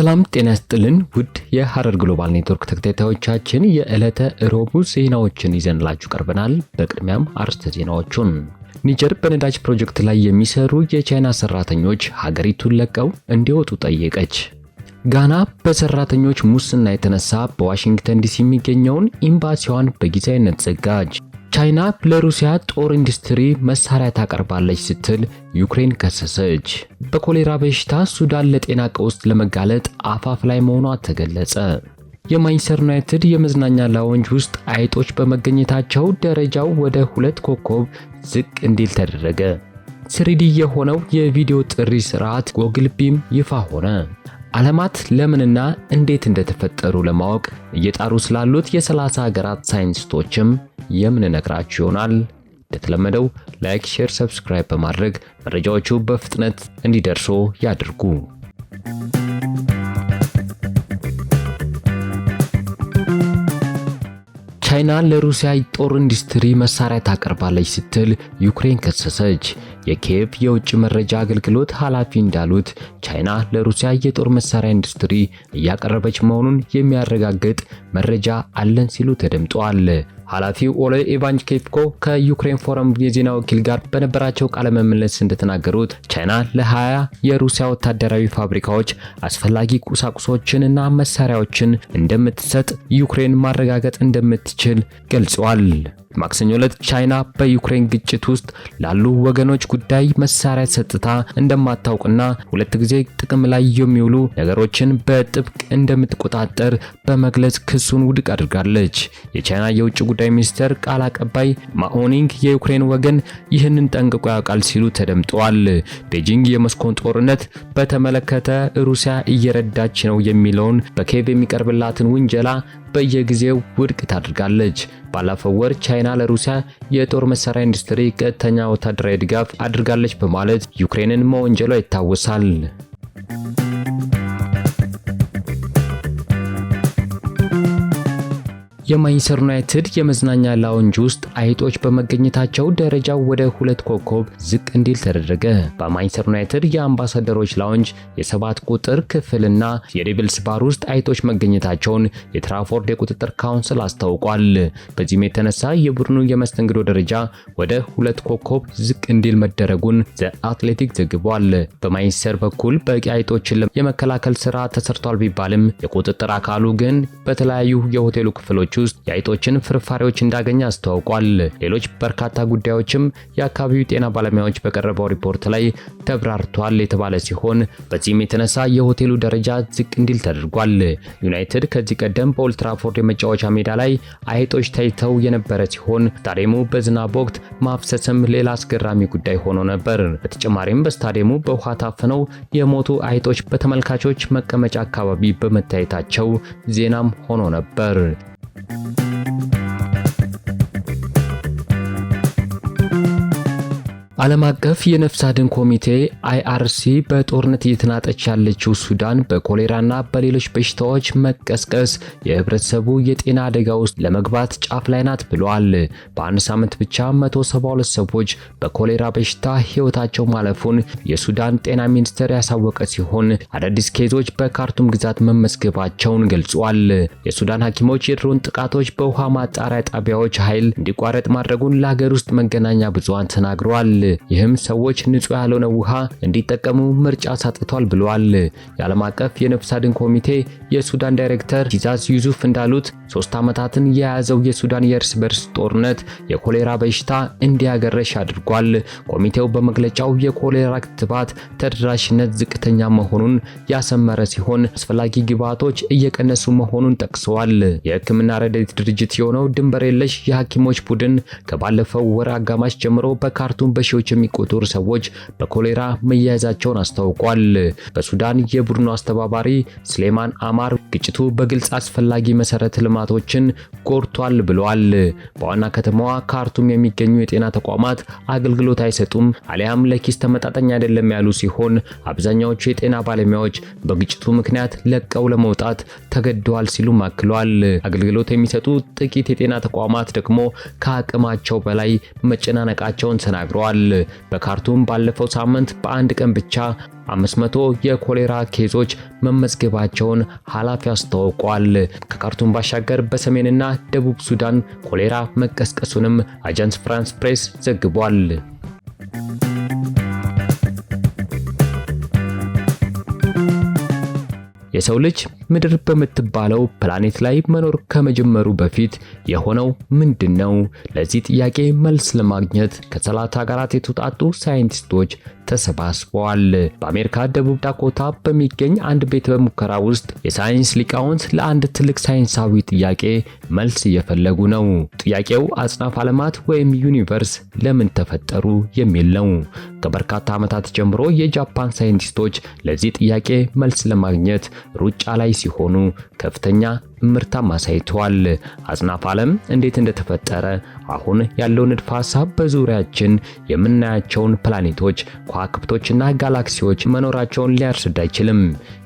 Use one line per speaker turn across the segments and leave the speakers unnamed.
ሰላም ጤና ይስጥልን ውድ የሐረር ግሎባል ኔትወርክ ተከታታዮቻችን የዕለተ ረቡዕ ዜናዎችን ይዘንላችሁ ቀርበናል። በቅድሚያም አርዕስተ ዜናዎቹን ኒጀር በነዳጅ ፕሮጀክት ላይ የሚሰሩ የቻይና ሰራተኞች ሀገሪቱን ለቀው እንዲወጡ ጠየቀች። ጋና በሰራተኞች ሙስና የተነሳ በዋሽንግተን ዲሲ የሚገኘውን ኢምባሲዋን በጊዜያዊነት ዘጋች። ቻይና ለሩሲያ ጦር ኢንዱስትሪ መሳሪያ ታቀርባለች ስትል ዩክሬን ከሰሰች። በኮሌራ በሽታ ሱዳን ለጤና ቀውስ ለመጋለጥ አፋፍ ላይ መሆኗ ተገለጸ። የማንቸስተር ዩናይትድ የመዝናኛ ላወንጅ ውስጥ አይጦች በመገኘታቸው ደረጃው ወደ ሁለት ኮከብ ዝቅ እንዲል ተደረገ። ስሪዲ የሆነው የቪዲዮ ጥሪ ስርዓት ጎግል ቢም ይፋ ሆነ። ዓለማት ለምንና እንዴት እንደተፈጠሩ ለማወቅ እየጣሩ ስላሉት የ30 ሀገራት ሳይንቲስቶችም የምንነግራችሁ ይሆናል። እንደተለመደው ላይክ፣ ሼር፣ ሰብስክራይብ በማድረግ መረጃዎቹ በፍጥነት እንዲደርሶ ያድርጉ። ቻይና ለሩሲያ ጦር ኢንዱስትሪ መሳሪያ ታቀርባለች ስትል ዩክሬን ከሰሰች። የኪየቭ የውጭ መረጃ አገልግሎት ኃላፊ እንዳሉት ቻይና ለሩሲያ የጦር መሳሪያ ኢንዱስትሪ እያቀረበች መሆኑን የሚያረጋግጥ መረጃ አለን ሲሉ ተደምጧል። ኃላፊው ኦሌ ኢቫንች ኬፕኮ ከዩክሬን ፎረም የዜና ወኪል ጋር በነበራቸው ቃለ ምልልስ እንደተናገሩት ቻይና ለ20 የሩሲያ ወታደራዊ ፋብሪካዎች አስፈላጊ እና መሳሪያዎችን እንደምትሰጥ ዩክሬን ማረጋገጥ እንደምትችል ገልጿል። ማክሰኞ ዕለት ቻይና በዩክሬን ግጭት ውስጥ ላሉ ወገኖች ጉዳይ መሳሪያ ሰጥታ እንደማታውቅና ሁለት ጊዜ ጥቅም ላይ የሚውሉ ነገሮችን በጥብቅ እንደምትቆጣጠር በመግለጽ ክሱን ውድቅ አድርጋለች። የቻይና የውጭ ጉዳይ ሚኒስቴር ቃል አቀባይ ማኦኒንግ የዩክሬን ወገን ይህንን ጠንቅቆ ያውቃል ሲሉ ተደምጠዋል። ቤጂንግ የሞስኮን ጦርነት በተመለከተ ሩሲያ እየረዳች ነው የሚለውን በኬቭ የሚቀርብላትን ውንጀላ በየጊዜው ውድቅ ታደርጋለች። ባለፈው ወር ቻይና ለሩሲያ የጦር መሳሪያ ኢንዱስትሪ ቀጥተኛ ወታደራዊ ድጋፍ አድርጋለች በማለት ዩክሬንን መወንጀሏ ይታወሳል። የማንችስተር ዩናይትድ የመዝናኛ ላውንጅ ውስጥ አይጦች በመገኘታቸው ደረጃው ወደ ሁለት ኮከብ ዝቅ እንዲል ተደረገ። በማንችስተር ዩናይትድ የአምባሳደሮች ላውንጅ የሰባት ቁጥር ክፍልና የዴቪልስ ባር ውስጥ አይጦች መገኘታቸውን የትራፎርድ የቁጥጥር ካውንስል አስታውቋል። በዚህም የተነሳ የቡድኑ የመስተንግዶ ደረጃ ወደ ሁለት ኮከብ ዝቅ እንዲል መደረጉን ዘ አትሌቲክ ዘግቧል። በማንችስተር በኩል በቂ አይጦችን የመከላከል ስራ ተሰርቷል ቢባልም የቁጥጥር አካሉ ግን በተለያዩ የሆቴሉ ክፍሎች ውስጥ የአይጦችን ፍርፋሪዎች እንዳገኘ አስተዋውቋል። ሌሎች በርካታ ጉዳዮችም የአካባቢው ጤና ባለሙያዎች በቀረበው ሪፖርት ላይ ተብራርቷል የተባለ ሲሆን በዚህም የተነሳ የሆቴሉ ደረጃ ዝቅ እንዲል ተደርጓል። ዩናይትድ ከዚህ ቀደም በኦልትራፎርድ የመጫወቻ ሜዳ ላይ አይጦች ታይተው የነበረ ሲሆን ስታዲየሙ በዝናብ ወቅት ማፍሰስም ሌላ አስገራሚ ጉዳይ ሆኖ ነበር። በተጨማሪም በስታዲየሙ በውሃ ታፍነው የሞቱ አይጦች በተመልካቾች መቀመጫ አካባቢ በመታየታቸው ዜናም ሆኖ ነበር። Thank you. ዓለም አቀፍ የነፍስ አድን ኮሚቴ አይአርሲ በጦርነት እየተናጠች ያለችው ሱዳን በኮሌራና በሌሎች በሽታዎች መቀስቀስ የህብረተሰቡ የጤና አደጋ ውስጥ ለመግባት ጫፍ ላይ ናት ብሏል። በአንድ ሳምንት ብቻ 172 ሰዎች በኮሌራ በሽታ ህይወታቸው ማለፉን የሱዳን ጤና ሚኒስቴር ያሳወቀ ሲሆን አዳዲስ ኬዞች በካርቱም ግዛት መመዝገባቸውን ገልጿል። የሱዳን ሐኪሞች የድሮን ጥቃቶች በውሃ ማጣሪያ ጣቢያዎች ኃይል እንዲቋረጥ ማድረጉን ለሀገር ውስጥ መገናኛ ብዙሃን ተናግሯል። ይህም ሰዎች ንጹህ ያልሆነ ውሃ እንዲጠቀሙ ምርጫ አሳጥቷል ብለዋል። የዓለም አቀፍ የነፍስ አድን ኮሚቴ የሱዳን ዳይሬክተር ቲዛዝ ዩዙፍ እንዳሉት ሶስት ዓመታትን የያዘው የሱዳን የእርስ በርስ ጦርነት የኮሌራ በሽታ እንዲያገረሽ አድርጓል። ኮሚቴው በመግለጫው የኮሌራ ክትባት ተደራሽነት ዝቅተኛ መሆኑን ያሰመረ ሲሆን አስፈላጊ ግብዓቶች እየቀነሱ መሆኑን ጠቅሰዋል። የሕክምና ረድኤት ድርጅት የሆነው ድንበር የለሽ የሐኪሞች ቡድን ከባለፈው ወር አጋማሽ ጀምሮ በካርቱም በሺ በሺዎች የሚቆጠሩ ሰዎች በኮሌራ መያያዛቸውን አስታውቋል። በሱዳን የቡድኑ አስተባባሪ ስሌማን አማር ግጭቱ በግልጽ አስፈላጊ መሰረተ ልማቶችን ጎድቷል ብለዋል። በዋና ከተማዋ ካርቱም የሚገኙ የጤና ተቋማት አገልግሎት አይሰጡም አሊያም ለኪስ ተመጣጣኝ አይደለም ያሉ ሲሆን አብዛኛዎቹ የጤና ባለሙያዎች በግጭቱ ምክንያት ለቀው ለመውጣት ተገደዋል ሲሉም አክለዋል። አገልግሎት የሚሰጡ ጥቂት የጤና ተቋማት ደግሞ ከአቅማቸው በላይ መጨናነቃቸውን ተናግረዋል። በካርቱም ባለፈው ሳምንት በአንድ ቀን ብቻ 500 የኮሌራ ኬዞች መመዝገባቸውን ኃላፊ አስታውቋል። ከካርቱም ባሻገር በሰሜንና ደቡብ ሱዳን ኮሌራ መቀስቀሱንም አጃንስ ፍራንስ ፕሬስ ዘግቧል። የሰው ልጅ ምድር በምትባለው ፕላኔት ላይ መኖር ከመጀመሩ በፊት የሆነው ምንድን ነው? ለዚህ ጥያቄ መልስ ለማግኘት ከሰላታ ሀገራት የተውጣጡ ሳይንቲስቶች ተሰባስበዋል። በአሜሪካ ደቡብ ዳኮታ በሚገኝ አንድ ቤት በሙከራ ውስጥ የሳይንስ ሊቃውንት ለአንድ ትልቅ ሳይንሳዊ ጥያቄ መልስ እየፈለጉ ነው። ጥያቄው አጽናፍ ዓለማት ወይም ዩኒቨርስ ለምን ተፈጠሩ የሚል ነው። ከበርካታ ዓመታት ጀምሮ የጃፓን ሳይንቲስቶች ለዚህ ጥያቄ መልስ ለማግኘት ሩጫ ላይ ሲሆኑ ከፍተኛ ምርታም አሳይተዋል። አጽናፍ ዓለም እንዴት እንደተፈጠረ አሁን ያለው ንድፈ ሐሳብ በዙሪያችን የምናያቸውን ፕላኔቶች፣ ከዋክብቶችና ጋላክሲዎች መኖራቸውን ሊያስረዳ አይችልም።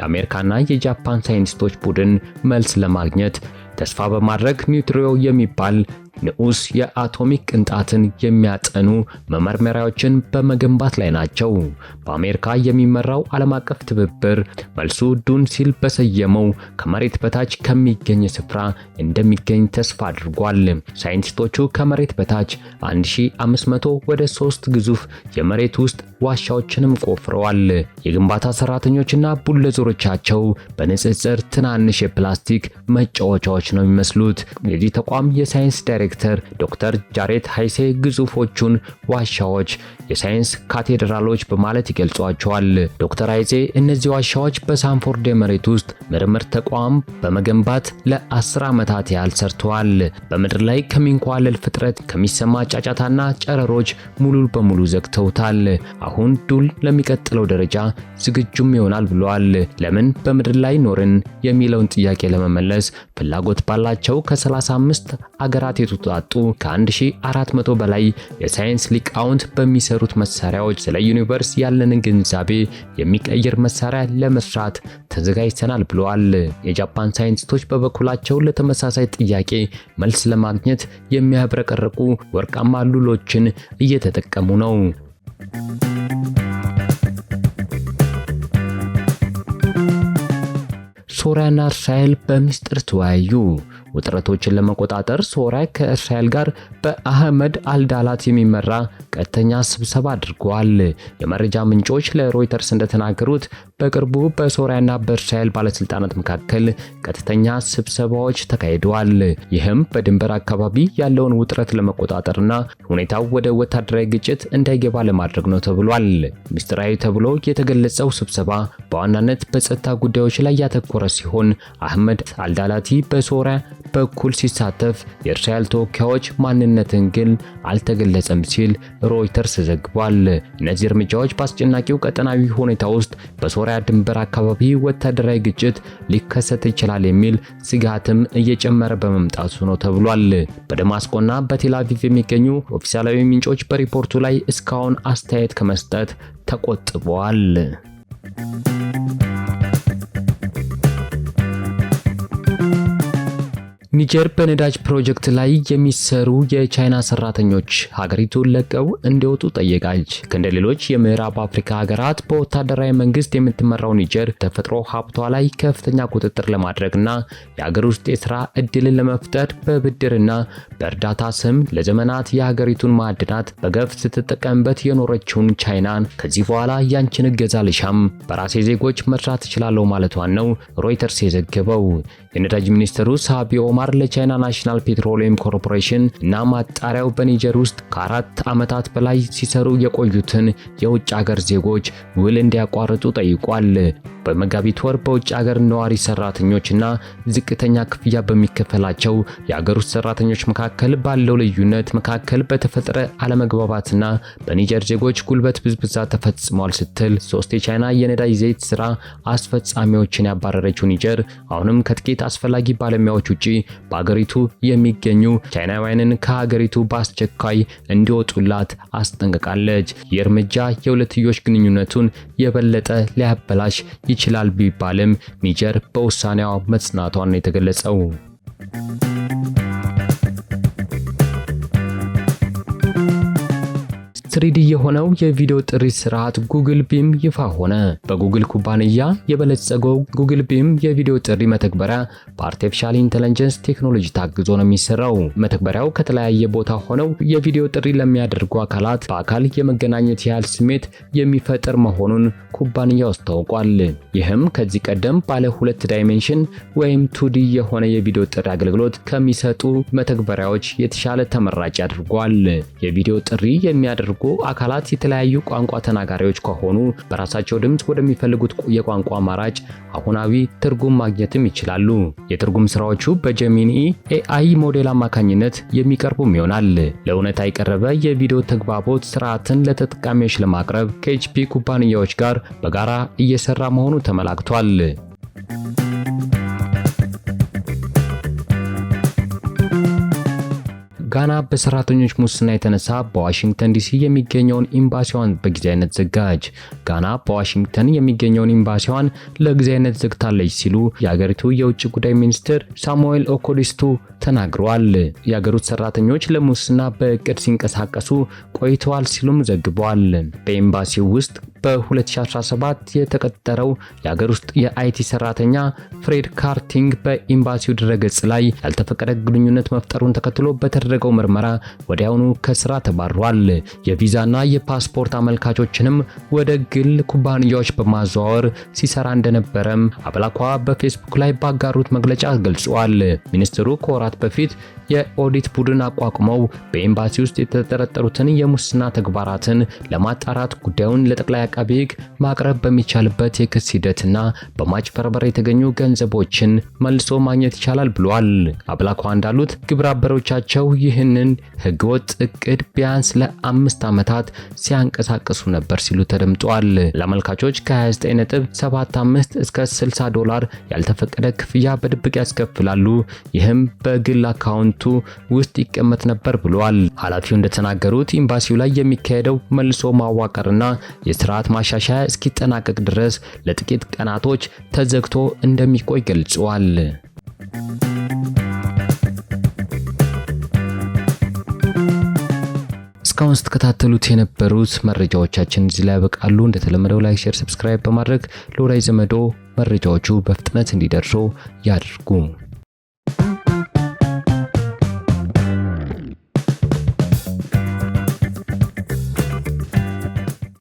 የአሜሪካና የጃፓን ሳይንቲስቶች ቡድን መልስ ለማግኘት ተስፋ በማድረግ ኒውትሪኖ የሚባል ንዑስ የአቶሚክ ቅንጣትን የሚያጠኑ መመርመሪያዎችን በመገንባት ላይ ናቸው። በአሜሪካ የሚመራው ዓለም አቀፍ ትብብር መልሱ ዱን ሲል በሰየመው ከመሬት በታች ከሚገኝ ስፍራ እንደሚገኝ ተስፋ አድርጓል። ሳይንቲስቶቹ ከመሬት በታች 1500 ወደ 3 ግዙፍ የመሬት ውስጥ ዋሻዎችንም ቆፍረዋል። የግንባታ ሰራተኞችና ቡለዞሮቻቸው በንጽጽር ትናንሽ የፕላስቲክ መጫወቻዎች ነው የሚመስሉት። የዚህ ተቋም የሳይንስ ዳይሬክተር ዳይሬክተር ዶክተር ጃሬት ሃይሴ ግዙፎቹን ዋሻዎች የሳይንስ ካቴድራሎች በማለት ይገልጿቸዋል። ዶክተር ሃይሴ እነዚህ ዋሻዎች በሳንፎርድ የመሬት ውስጥ ምርምር ተቋም በመገንባት ለ10 ዓመታት ያህል ሰርተዋል። በምድር ላይ ከሚንኳለል ፍጥረት ከሚሰማ ጫጫታና ጨረሮች ሙሉ በሙሉ ዘግተውታል። አሁን ዱል ለሚቀጥለው ደረጃ ዝግጁም ይሆናል ብለዋል። ለምን በምድር ላይ ኖርን የሚለውን ጥያቄ ለመመለስ ፍላጎት ባላቸው ከ35 አገራት የተውጣጡ ከ1400 በላይ የሳይንስ ሊቃውንት በሚሰሩት መሳሪያዎች ስለ ዩኒቨርስ ያለንን ግንዛቤ የሚቀይር መሳሪያ ለመስራት ተዘጋጅተናል ብለዋል። የጃፓን ሳይንቲስቶች በበኩላቸው ለተመሳሳይ ጥያቄ መልስ ለማግኘት የሚያብረቀርቁ ወርቃማ ሉሎችን እየተጠቀሙ ነው። ሶሪያና እስራኤል በሚስጥር ተወያዩ። ውጥረቶችን ለመቆጣጠር ሶሪያ ከእስራኤል ጋር በአህመድ አልዳላት የሚመራ ቀጥተኛ ስብሰባ አድርጓል። የመረጃ ምንጮች ለሮይተርስ እንደተናገሩት በቅርቡ በሶሪያና በእስራኤል ባለስልጣናት መካከል ቀጥተኛ ስብሰባዎች ተካሂደዋል። ይህም በድንበር አካባቢ ያለውን ውጥረት ለመቆጣጠርና ሁኔታው ወደ ወታደራዊ ግጭት እንዳይገባ ለማድረግ ነው ተብሏል። ምስጢራዊ ተብሎ የተገለጸው ስብሰባ በዋናነት በጸጥታ ጉዳዮች ላይ ያተኮረ ሲሆን አህመድ አልዳላቲ በሶሪያ በኩል ሲሳተፍ የእስራኤል ተወካዮች ማንነትን ግን አልተገለጸም ሲል ሮይተርስ ዘግቧል። እነዚህ እርምጃዎች በአስጨናቂው ቀጠናዊ ሁኔታ ውስጥ በሶሪያ ድንበር አካባቢ ወታደራዊ ግጭት ሊከሰት ይችላል የሚል ስጋትም እየጨመረ በመምጣቱ ነው ተብሏል። በደማስቆና በቴላቪቭ የሚገኙ ኦፊሳላዊ ምንጮች በሪፖርቱ ላይ እስካሁን አስተያየት ከመስጠት ተቆጥበዋል። ኒጀር በነዳጅ ፕሮጀክት ላይ የሚሰሩ የቻይና ሰራተኞች ሀገሪቱን ለቀው እንዲወጡ ጠየቃች። ከእንደ ሌሎች የምዕራብ አፍሪካ ሀገራት በወታደራዊ መንግስት የምትመራው ኒጀር ተፈጥሮ ሀብቷ ላይ ከፍተኛ ቁጥጥር ለማድረግና የሀገር ውስጥ የስራ እድልን ለመፍጠር በብድርና በእርዳታ ስም ለዘመናት የሀገሪቱን ማዕድናት በገፍ ስትጠቀምበት የኖረችውን ቻይናን ከዚህ በኋላ ያንችን እገዛ ልሻም በራሴ ዜጎች መስራት እችላለሁ ማለቷን ነው ሮይተርስ የዘገበው። የነዳጅ ሚኒስትሩ ሳቢ ኦማር ባህር ለቻይና ናሽናል ፔትሮሊየም ኮርፖሬሽን እና ማጣሪያው በኒጀር ውስጥ ከአራት ዓመታት በላይ ሲሰሩ የቆዩትን የውጭ አገር ዜጎች ውል እንዲያቋርጡ ጠይቋል። በመጋቢት ወር በውጭ አገር ነዋሪ ሰራተኞችና ዝቅተኛ ክፍያ በሚከፈላቸው የአገር ውስጥ ሰራተኞች መካከል ባለው ልዩነት መካከል በተፈጠረ አለመግባባትና በኒጀር ዜጎች ጉልበት ብዝብዛ ተፈጽሟል ስትል ሶስት የቻይና የነዳጅ ዘይት ስራ አስፈጻሚዎችን ያባረረችው ኒጀር አሁንም ከጥቂት አስፈላጊ ባለሙያዎች ውጪ በአገሪቱ የሚገኙ ቻይናውያንን ከሀገሪቱ በአስቸኳይ እንዲወጡላት አስጠንቅቃለች። ይህ የሁለትዮሽ ግንኙነቱን የበለጠ ሊያበላሽ ይችላል ቢባልም ኒጀር በውሳኔዋ መጽናቷን የተገለጸው። ትሪዲ የሆነው የቪዲዮ ጥሪ ስርዓት ጉግል ቢም ይፋ ሆነ። በጉግል ኩባንያ የበለጸገው ጉግል ቢም የቪዲዮ ጥሪ መተግበሪያ በአርቲፊሻል ኢንተለጀንስ ቴክኖሎጂ ታግዞ ነው የሚሰራው። መተግበሪያው ከተለያየ ቦታ ሆነው የቪዲዮ ጥሪ ለሚያደርጉ አካላት በአካል የመገናኘት ያህል ስሜት የሚፈጥር መሆኑን ኩባንያው አስታውቋል። ይህም ከዚህ ቀደም ባለ ሁለት ዳይሜንሽን ወይም ቱዲ የሆነ የቪዲዮ ጥሪ አገልግሎት ከሚሰጡ መተግበሪያዎች የተሻለ ተመራጭ አድርጓል። የቪዲዮ ጥሪ የሚያደርጉ የሚተረጉ አካላት የተለያዩ ቋንቋ ተናጋሪዎች ከሆኑ በራሳቸው ድምፅ ወደሚፈልጉት የቋንቋ አማራጭ አሁናዊ ትርጉም ማግኘትም ይችላሉ። የትርጉም ስራዎቹ በጀሚኒ ኤአይ ሞዴል አማካኝነት የሚቀርቡም ይሆናል። ለእውነታ የቀረበ የቪዲዮ ተግባቦት ስርዓትን ለተጠቃሚዎች ለማቅረብ ከኤችፒ ኩባንያዎች ጋር በጋራ እየሰራ መሆኑ ተመላክቷል። ጋና በሰራተኞች ሙስና የተነሳ በዋሽንግተን ዲሲ የሚገኘውን ኤምባሲዋን በጊዜያዊነት ዘጋች። ጋና በዋሽንግተን የሚገኘውን ኤምባሲዋን ለጊዜያዊነት ዘግታለች ሲሉ የአገሪቱ የውጭ ጉዳይ ሚኒስትር ሳሙኤል ኦኮሊስቱ ተናግረዋል። የአገሩት ሰራተኞች ለሙስና በእቅድ ሲንቀሳቀሱ ቆይተዋል ሲሉም ዘግበዋል። በኤምባሲው ውስጥ በ2017 የተቀጠረው የአገር ውስጥ የአይቲ ሰራተኛ ፍሬድ ካርቲንግ በኤምባሲው ድረገጽ ላይ ያልተፈቀደ ግንኙነት መፍጠሩን ተከትሎ በተደረገው ምርመራ ወዲያውኑ ከስራ ተባሯል። የቪዛና የፓስፖርት አመልካቾችንም ወደ ግል ኩባንያዎች በማዘዋወር ሲሰራ እንደነበረም አብላኳ በፌስቡክ ላይ ባጋሩት መግለጫ ገልጿል። ሚኒስትሩ ከወራት በፊት የኦዲት ቡድን አቋቁመው በኤምባሲ ውስጥ የተጠረጠሩትን የሙስና ተግባራትን ለማጣራት ጉዳዩን ለጠቅላይ አቃቢ ሕግ ማቅረብ በሚቻልበት የክስ ሂደትና በማጭበርበር የተገኙ ገንዘቦችን መልሶ ማግኘት ይቻላል ብሏል። አብላኳ እንዳሉት ግብረ አበሮቻቸው ይህንን ህገወጥ እቅድ ቢያንስ ለአምስት ዓመታት ሲያንቀሳቅሱ ነበር ሲሉ ተደምጧል። ለአመልካቾች ከ29.75 እስከ 60 ዶላር ያልተፈቀደ ክፍያ በድብቅ ያስከፍላሉ። ይህም በግል አካውንቱ ውስጥ ይቀመጥ ነበር ብሏል። ኃላፊው እንደተናገሩት ኤምባሲው ላይ የሚካሄደው መልሶ ማዋቀርና የስራ የስርዓት ማሻሻያ እስኪጠናቀቅ ድረስ ለጥቂት ቀናቶች ተዘግቶ እንደሚቆይ ገልጿል። እስካሁን ስትከታተሉት የነበሩት መረጃዎቻችን እዚህ ላይ ያበቃሉ። እንደተለመደው ላይክ፣ ሼር፣ ሰብስክራይብ በማድረግ ለወዳጅ ዘመዶ መረጃዎቹ በፍጥነት እንዲደርሱ ያድርጉ።